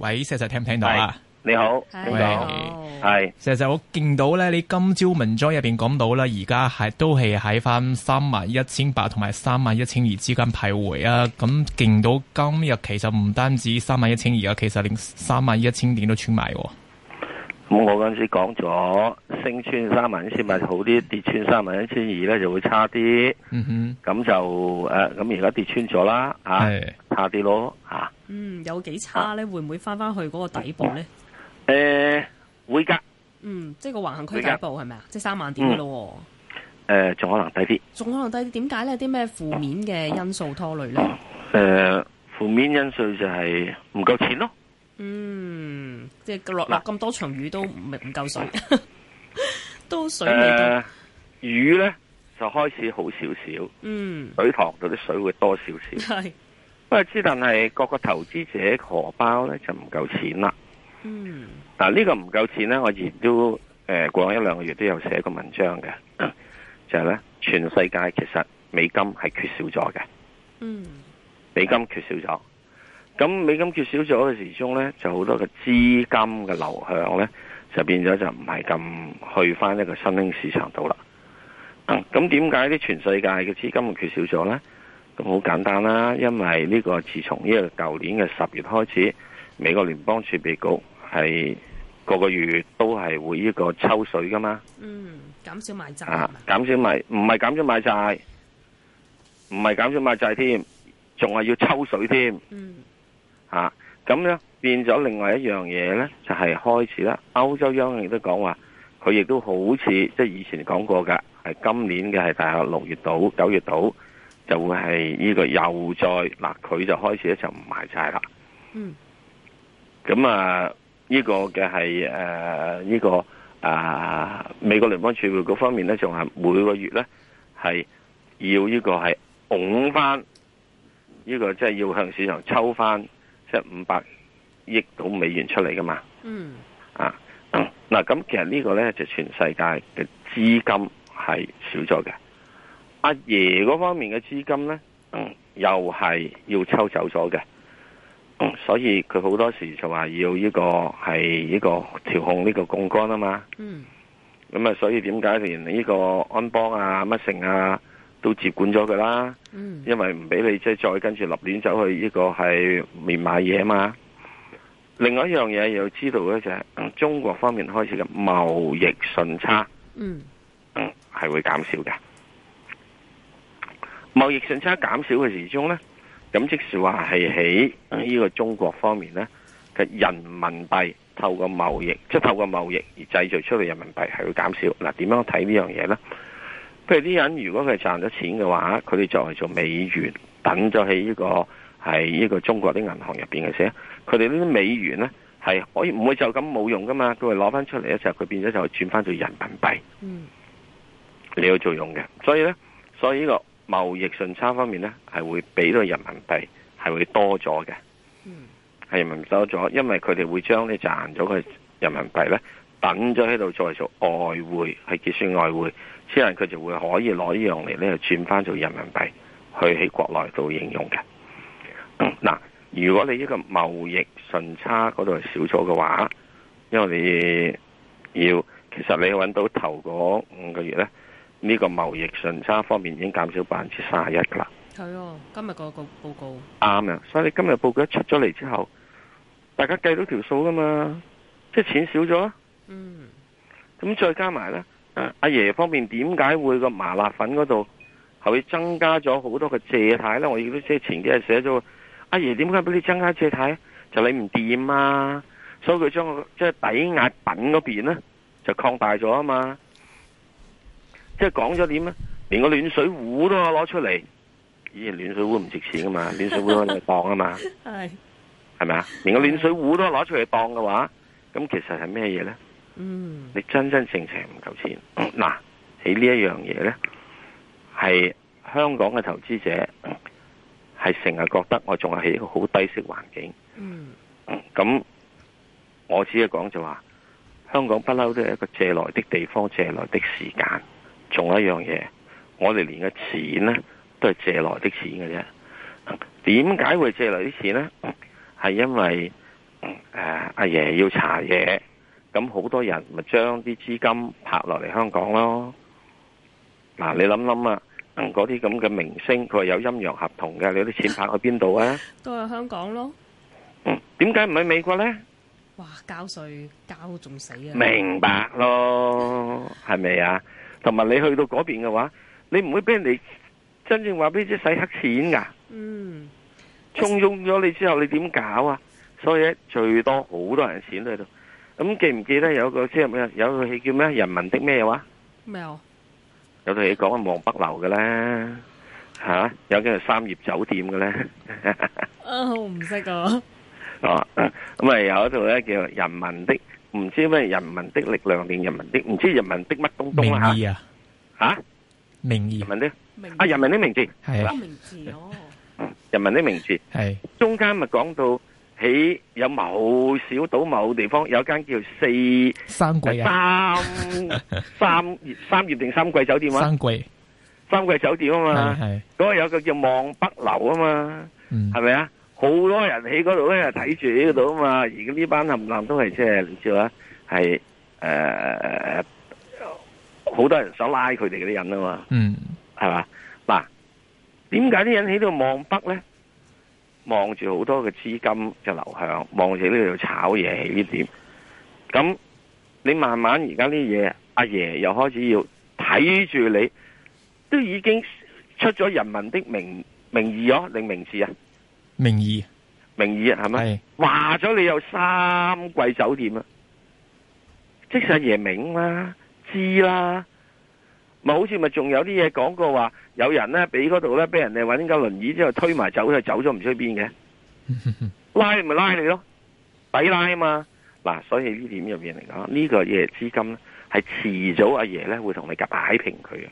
喂，石石聽唔聽到啊？你好，你好。係石石，我見到咧，你今朝文章入邊講到啦，而家係都係喺翻三萬一千八同埋三萬一千二之間徘徊啊。咁見到今日其實唔單止三萬一千二啊，其實連三萬一千點都穿埋。咁我嗰陣時講咗，升穿三萬一千八好啲，跌穿三萬一千二咧就會差啲。嗯哼，咁、嗯、就誒，咁而家跌穿咗啦，啊。咯吓，嗯，有幾差咧？會唔會翻翻去嗰個底部咧？誒，會噶。嗯，即係個橫行區底部係咪啊？即係三萬點咯。誒、嗯，仲、呃、可能低啲。仲可能低啲？點解咧？有啲咩負面嘅因素拖累咧？誒、呃，負面因素就係唔夠錢咯。嗯，即係落落咁多場雨都唔唔夠水， 都水未到、呃。雨咧就開始好少少。嗯。水塘度啲水會多少少。係。不過之，但係各個投資者荷包咧就唔夠錢啦。嗯，嗱呢個唔夠錢咧，我亦都誒過往一兩個月都有寫過文章嘅，就係咧全世界其實美金係缺少咗嘅。嗯，美金缺少咗，咁美金缺少咗嘅時鐘咧，就好多個資金嘅流向咧，就變咗就唔係咁去翻一個新興市場度啦。咁點解啲全世界嘅資金缺少咗咧？好簡單啦，因為呢個自從呢個舊年嘅十月開始，美國聯邦儲備局係個個月都係會呢個抽水㗎嘛。嗯，減少買債、啊、減少買唔係減少買債，唔、嗯、係減少買債添，仲係要抽水添。嗯。咁、啊、咧變咗另外一樣嘢咧，就係、是、開始啦。歐洲央行亦都講話，佢亦都好似即係以前講過㗎，係今年嘅係大概六月到九月到。就會係呢個又再嗱，佢就開始咧就唔賣債啦。嗯，咁啊，呢、這個嘅係誒，呢、呃這個啊、呃，美國聯邦儲備局方面咧，仲係每個月咧係要呢個係拱翻呢個，即係要向市場抽翻即係五百億到美元出嚟噶嘛。嗯，啊嗱，咁其實這個呢個咧就全世界嘅資金係少咗嘅。阿爺嗰方面嘅資金咧、嗯，又係要抽走咗嘅、嗯，所以佢好多時就話要呢個係呢個調控呢個槓桿啊嘛。嗯。咁啊，所以點解連呢個安邦啊、乜盛啊都接管咗佢啦？嗯。因為唔俾你即係、就是、再跟住立亂走去呢個係面買嘢啊嘛。另外一樣嘢又知道嘅就係、是嗯、中國方面開始嘅貿易順差，嗯，嗯係、嗯、會減少嘅。貿易順差減少嘅時候咧，咁即是話係喺呢個中國方面咧嘅人民幣透過貿易，即係透過貿易而製造出嚟人民幣係會減少。嗱，點樣睇呢樣嘢咧？譬如啲人如果佢賺咗錢嘅話，佢哋就係做美元等咗喺呢個係呢個中國啲銀行入邊嘅，時佢哋呢啲美元咧係可以唔會就咁冇用噶嘛？佢係攞翻出嚟嘅時候，佢變咗就轉翻做人民幣，嗯，有作用嘅。所以咧，所以呢所以，呢個。貿易順差方面咧，係會俾到人民幣，係會多咗嘅，係人民幣多咗，因為佢哋會將你賺咗嘅人民幣咧，等咗喺度再做外匯，係結算外匯，之後佢就會可以攞呢樣嚟咧轉翻做人民幣，去喺國內度應用嘅。嗱、嗯，如果你呢個貿易順差嗰度少咗嘅話，因為你要，其實你揾到頭嗰五個月咧。呢、這個貿易順差方面已經減少百分之三十一噶啦，係、哦、今日個個報告啱啊！所以你今日報告一出咗嚟之後，大家計到條數噶嘛，即係錢少咗。嗯，咁再加埋咧，阿阿爺方面點解會個麻辣粉嗰度係會增加咗好多嘅借貸咧？我亦都即係前幾日寫咗，阿爺點解俾你增加借貸？就你唔掂啊，所以佢將即係抵押品嗰邊咧就擴大咗啊嘛。即係講咗點啊？連個暖水壺都攞出嚟，咦，暖水壺唔值錢㗎嘛，暖水壺可以當啊嘛，係係咪啊？連個暖水壺都攞出嚟當嘅話，咁其實係咩嘢咧？嗯，你真真正正唔夠錢。嗱，喺呢一樣嘢咧，係香港嘅投資者係成日覺得我仲係喺一個好低息環境。嗯，咁我只係講就話，香港不嬲都係一個借來的地方，借來的時間。仲有一樣嘢，我哋連個錢咧都係借來的錢嘅啫。點解會借來啲錢咧？係因為誒阿爺要查嘢，咁好多人咪將啲資金拍落嚟香港咯。嗱、啊，你諗諗啊，嗰啲咁嘅明星，佢係有陰陽合同嘅，你啲錢拍去邊度啊？都係香港咯。嗯，點解唔喺美國咧？哇，交稅交仲死啊！明白咯，係咪啊？同埋你去到嗰邊嘅話，你唔會俾人哋真正話俾啲洗黑錢噶。嗯，沖用咗你之後，你點搞啊？所以咧，最多好多人錢喺度。咁記唔記得有個即係咩？有套戲叫咩？人民的咩話？咩有？有套戲講係望北流嘅咧，吓，有件係三葉酒店嘅咧。啊，唔識講。哦，咁啊有一套咧、 哦啊、叫人民的。唔知咩人民的力量定人民的唔知人民的乜東東啊吓？名義啊吓？名義人民咧？啊，人民的名字係啦。哦，人民的名字係。中間咪講到喺有某小島某地方有間叫四三季三三三月三月定三季酒店啊？三季三季酒店啊嘛，嗰個有個叫望北樓啊嘛，係咪啊？好多人喺嗰度咧係睇住呢度啊嘛！而家呢班冚冚都係即係你知道啊係誒，好多人想拉佢哋嗰啲人啊嘛，嗯，係嘛嗱？點解啲人喺度望北咧？望住好多嘅資金就流向，望住呢度炒嘢起點？咁你慢慢而家啲嘢，阿爺又開始要睇住你，都已經出咗人民的名名義咯，哦，名字啊？名義，名義係咪？話咗你有三貴酒店啦，即使阿爺明啦，知啦，咪好似咪仲有啲嘢講過話，有人咧俾嗰度咧俾人哋揾架輪椅之後推埋走，走去走咗唔知邊嘅，拉咪拉你咯，抵拉啊嘛，嗱、啊，所以點、這個、呢點入面嚟講，爺爺呢個嘢資金咧係遲早阿爺咧會同你擺平佢嘅。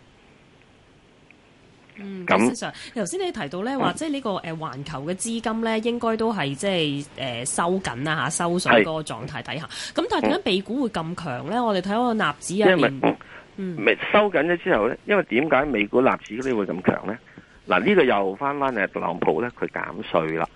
嗯，咁頭先你提到咧話，即係呢個誒環球嘅資金咧，應該都係即係誒收緊啊，嚇，收水嗰個狀態底下。咁但係點解美股會咁強咧？我哋睇個納指啊，因為嗯，收緊咗之後咧，因為點解美股納指咧會咁強咧？嗱、嗯，呢、啊呢個又翻翻誒特朗普咧，佢減稅啦。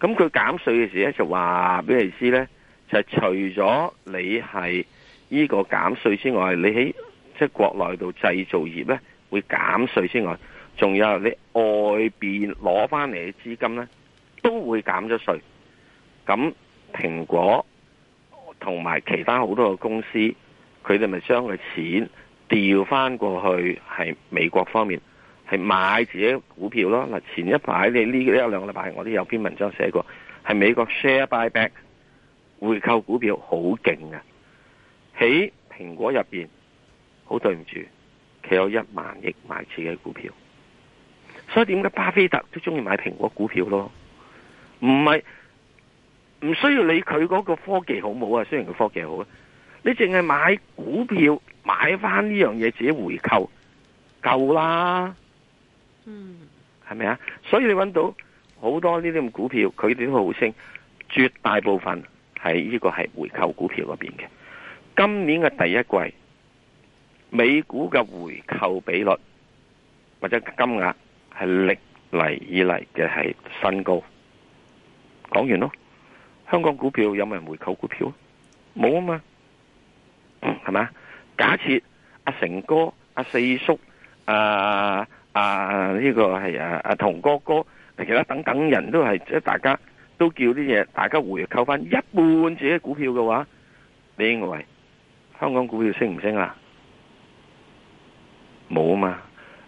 咁佢減稅嘅時咧就話畀你知咧，就係、就係、除咗你係呢個減稅之外，你喺即係國內度製造業咧。會減稅之外，仲有你外邊攞翻嚟嘅資金咧，都會減咗稅。咁蘋果同埋其他好多嘅公司，佢哋咪將佢錢調翻過去，係美國方面，係買自己股票咯。嗱，前一排你呢一兩個禮拜，我都有篇文章寫過，係美國 share buy back 回購股票好勁啊！喺蘋果入邊，好對唔住。佢有一萬億買自己嘅股票，所以點解巴菲特都中意買蘋果股票咯？唔係唔需要理佢嗰個科技好唔好啊？雖然佢科技好啊，你淨係買股票買翻呢樣嘢自己回購夠啦，嗯，係咪啊？所以你揾到好多呢啲咁股票，佢哋都好升，絕大部分係呢個係回購股票嗰邊嘅。今年嘅第一季。美股嘅回購比率或者金額係歷嚟以嚟嘅係新高。講完咯，香港股票有冇人回購股票啊？冇啊嘛，係咪啊？假設阿成哥、阿四叔、阿阿呢個係啊阿同哥哥，其他等等人都係即係大家都叫啲嘢，大家回購翻一半自己股票嘅話，你認為香港股票升唔升啊？冇啊嘛，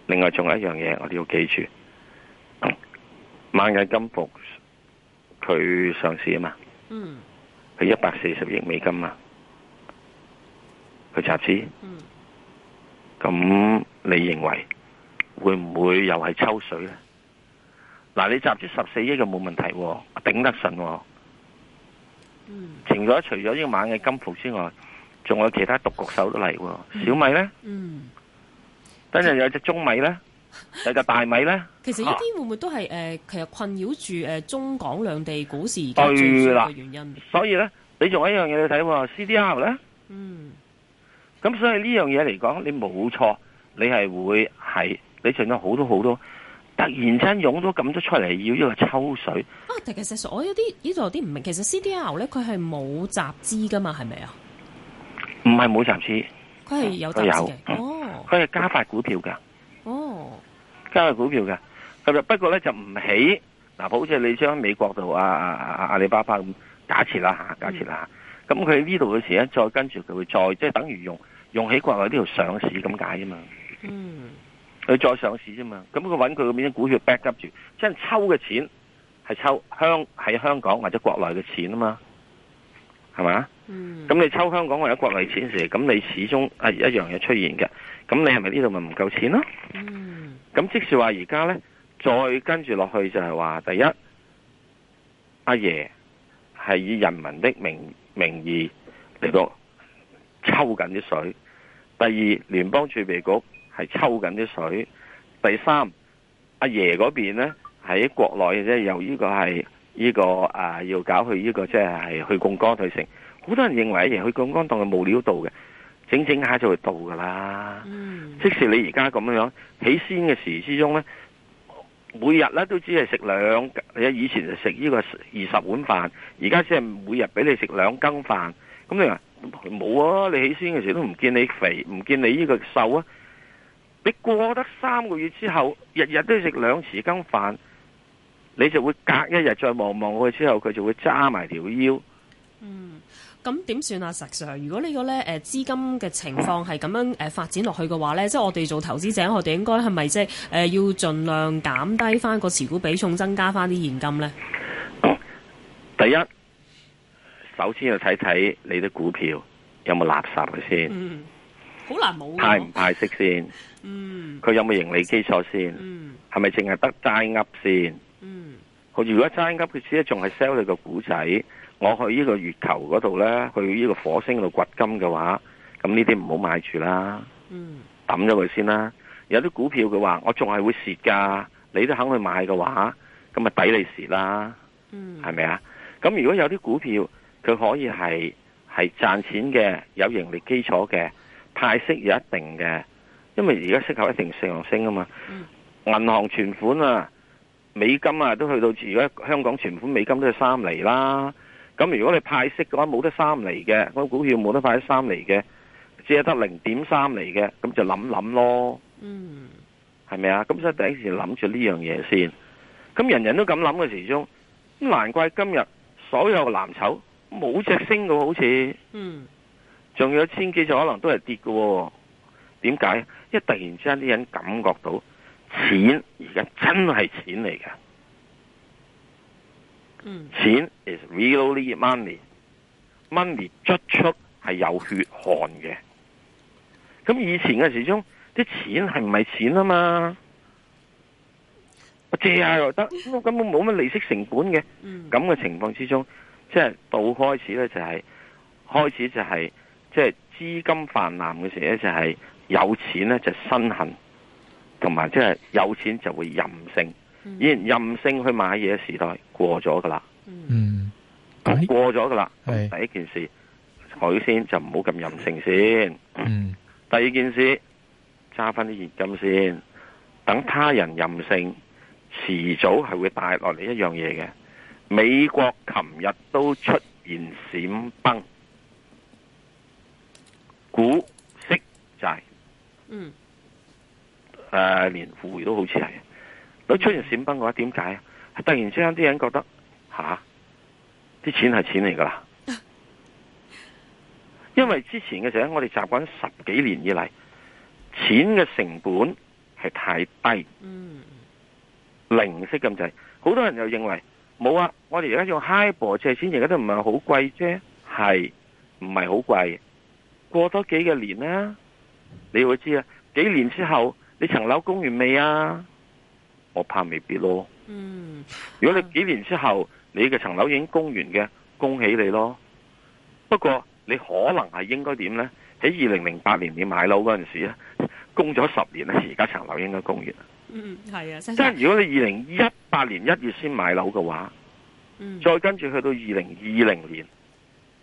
另外仲有一樣嘢我哋要記住，螞蟻金服佢上市啊嘛，嘛，嗯，佢一百四十億美金啊，佢集資，嗯，咁你認為會唔會又係抽水咧？嗱、啊，你集資十四億就冇問題，啊，頂得順，啊，嗯，除咗除咗呢螞蟻金服之外，仲有其他獨角手都嚟，啊，小米咧，嗯。嗯跟住有隻中米咧， 有隻大米咧。其實呢啲會唔會都係誒、啊呃，其實困擾住誒中港兩地股市而家最主要原因。對所以咧，你仲有一樣嘢要睇喎、啊，C D R 咧。嗯。咁所以呢樣嘢嚟講，你冇錯，你係會係你見咗好多好多突然間湧都咁多出嚟，要呢個抽水。啊，其實我有啲呢度有啲唔明，其實 C D R 咧，佢係冇集資噶嘛，係咪啊？唔係冇集資，佢係有集資嘅。嗯佢係加發股票噶，哦，加發股票噶，咁就不過咧就唔起，嗱，好似你將美國度阿阿阿阿里巴巴咁假設啦吓，假設啦吓，咁佢呢度嘅時咧再跟住佢會再即係、就是、等於用用起國內呢條上市咁解啫嘛，嗯，佢再上市啫嘛，咁佢搵佢個面啲股票 back up 住，即係抽嘅錢係抽香喺香港或者國內嘅錢啊嘛，係咪？嗯，咁你抽香港或者國內錢時，咁你始終一樣嘢出現嘅，咁你係咪呢度咪唔夠錢咯？嗯，咁即係話而家咧，再跟住落去就係話，第一阿爺係以人民的名名義嚟到抽緊啲水，第二聯邦儲備局係抽緊啲水，第三阿爺嗰邊咧喺國內嘅啫，由呢個係呢、這個、啊、要搞去呢、這個即係係去槓桿去成。好多人認為誒，去槓桿當係冇料到嘅，整整下就會到㗎喇、嗯。即使你而家咁樣樣起先嘅時之中呢，每日呢都只係食兩，誒以前就食呢個二十碗飯，而家只係每日俾你食兩羹飯。咁你話冇啊？你起先嘅時候都唔見你肥，唔見你呢個瘦啊？你過得三個月之後，日日都要食兩匙羹飯，你就會隔一日再望望佢之後，佢就會揸埋條腰。嗯。咁點算啊，石 Sir，如果呢、這個咧誒、呃、資金嘅情況係咁樣誒、呃、發展落去嘅話咧，即係我哋做投資者，我哋應該係咪即係誒要盡量減低翻個持股比重，增加翻啲現金咧、嗯？第一，首先要睇睇你啲股票有冇垃圾嘅先，好、嗯、難冇派唔派息先，佢、嗯、有冇盈利基礎先，係咪淨係得齋鴨先？嗯。佢如果爭急，佢只仲係 sell 你個股仔，我去呢個月球嗰度咧，去呢個火星度掘金嘅話，咁呢啲唔好買住啦，抌咗佢先啦。有啲股票佢話我仲係會蝕噶，你都肯去買嘅話，咁咪抵你蝕啦，係咪啊？咁如果有啲股票佢可以係係賺錢嘅，有盈利基礎嘅，派息有一定嘅，因為而家息口一定上升啊嘛，銀行存款啊。美金啊，都去到如果香港存款美金都係三厘啦。咁如果你派息嘅話，冇得三厘嘅，嗰個股票冇得派得三厘嘅，只係得零點三厘嘅，咁就諗諗咯。嗯，係咪啊？咁所以第一時諗住呢樣嘢先。咁人人都咁諗嘅時，中咁難怪今日所有藍籌冇隻升嘅，好似嗯，仲有千幾隻可能都係跌嘅，哦。點解？一突然之間啲人感覺到。錢而家真係錢嚟㗎。嗯，錢 is real money，money、嗯、出出係有血汗嘅。咁以前嘅時鐘啲錢係唔係錢啊嘛？我借下又得，我根本冇乜利息成本嘅。咁、嗯、嘅情況之中，即係到開始咧就係、是、開始就係即係資金泛濫嘅時候咧就係有錢咧就身痕。同埋即係有錢就會任性，依然、嗯、任性去買嘢嘅時代過咗噶啦。嗯，過咗噶啦。第一件事，海鮮就唔好咁任性先。嗯，第二件事，揸翻啲現金先。等他人任性，遲早係會帶落嚟一樣嘢嘅。美國琴日都出現閃崩，股息債。嗯。誒、啊，連富匯都好似係，都出現閃崩嘅話，點解啊？突然之間啲人覺得吓，啲、啊、錢係錢嚟噶啦，因為之前嘅時候，我哋習慣十幾年以嚟，錢嘅成本係太低，零息咁滯，好多人又認為冇啊！我哋而家用 HIBOR 借錢，而家都唔係好貴啫，係唔係好貴？過多幾個年啦，你會知啊，幾年之後。你層樓供完未啊？我怕未必咯。嗯，如果你幾年之後你嘅層樓已經供完嘅，恭喜你咯。不過你可能係應該點呢？喺二零零八年你買樓嗰陣時咧，供咗十年啊，而家層樓應該供完啦。嗯，係啊，即係。如果你二零一八年一月先買樓嘅話，嗯，再跟住去到二零二零年，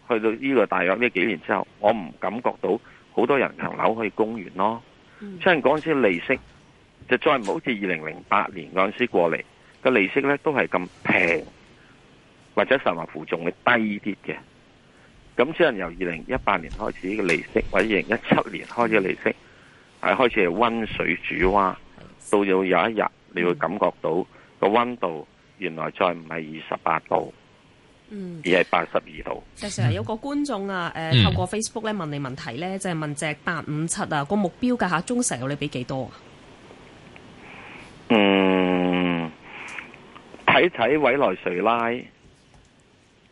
去到呢個大約呢幾年之後，我唔感覺到好多人層樓可以供完咯。即係講起利息，就再唔好似二零零八年嗰陣時過嚟個利息咧，都係咁平或者甚至乎仲會低啲嘅。咁即係由二零一八年開始嘅利息，或者二零一七年開始嘅利息，係開始係温水煮蛙，到到有一日你會感覺到個溫度原來再唔係二十八度。嗯，而係八十二度。事實上有個觀眾啊，誒，透過 Facebook 咧，問你問題咧，就係問隻八五七啊，個目標價下中石油你俾幾多啊？嗯、睇、嗯、睇、嗯、委內瑞拉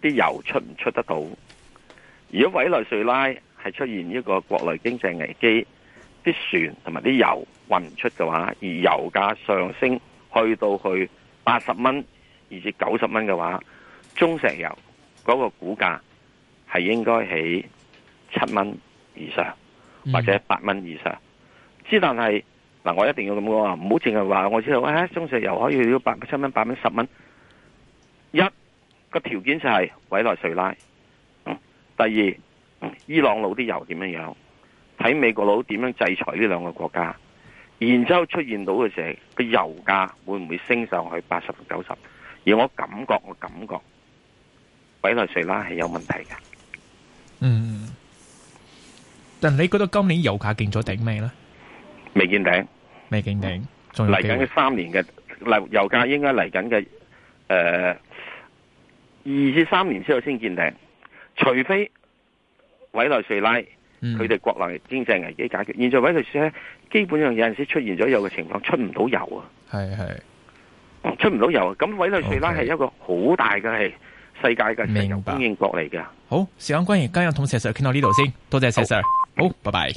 啲油出唔出得到？如果委內瑞拉係出現呢個國內經濟危機，啲船同埋啲油運唔出嘅話，而油價上升去到去八十蚊，而至九十蚊嘅話。中石油嗰個股價係應該喺七蚊以上或者八蚊以上，之但係嗱，我一定要咁講啊，唔好淨係話我知道，哎，中石油可以去到八七蚊、八蚊、十蚊。一個條件就係委內瑞拉，第二伊朗佬啲油點樣樣，睇美國佬點樣制裁呢兩個國家，然之後出現到嘅時候，個油價會唔會升上去八十、九十？而我感覺，我感覺。委內瑞拉係有問題嘅，嗯，但你覺得今年油價見咗頂未咧？未見頂，未見頂，嚟緊嘅三年嘅油油價應該嚟緊嘅，誒、呃，二至三年之後先見頂，除非委內瑞拉佢哋、嗯、國內經濟危機解決，現在委內瑞拉基本上有陣時出現咗有嘅情況出唔到油啊，係係，出唔到油啊，咁委內瑞拉係、okay. 一個好大嘅係。世界嘅重要供應國嚟嘅，好，時間關係嘉欣同石 Sir 傾到呢度先，多謝石 Sir，好，好，拜拜。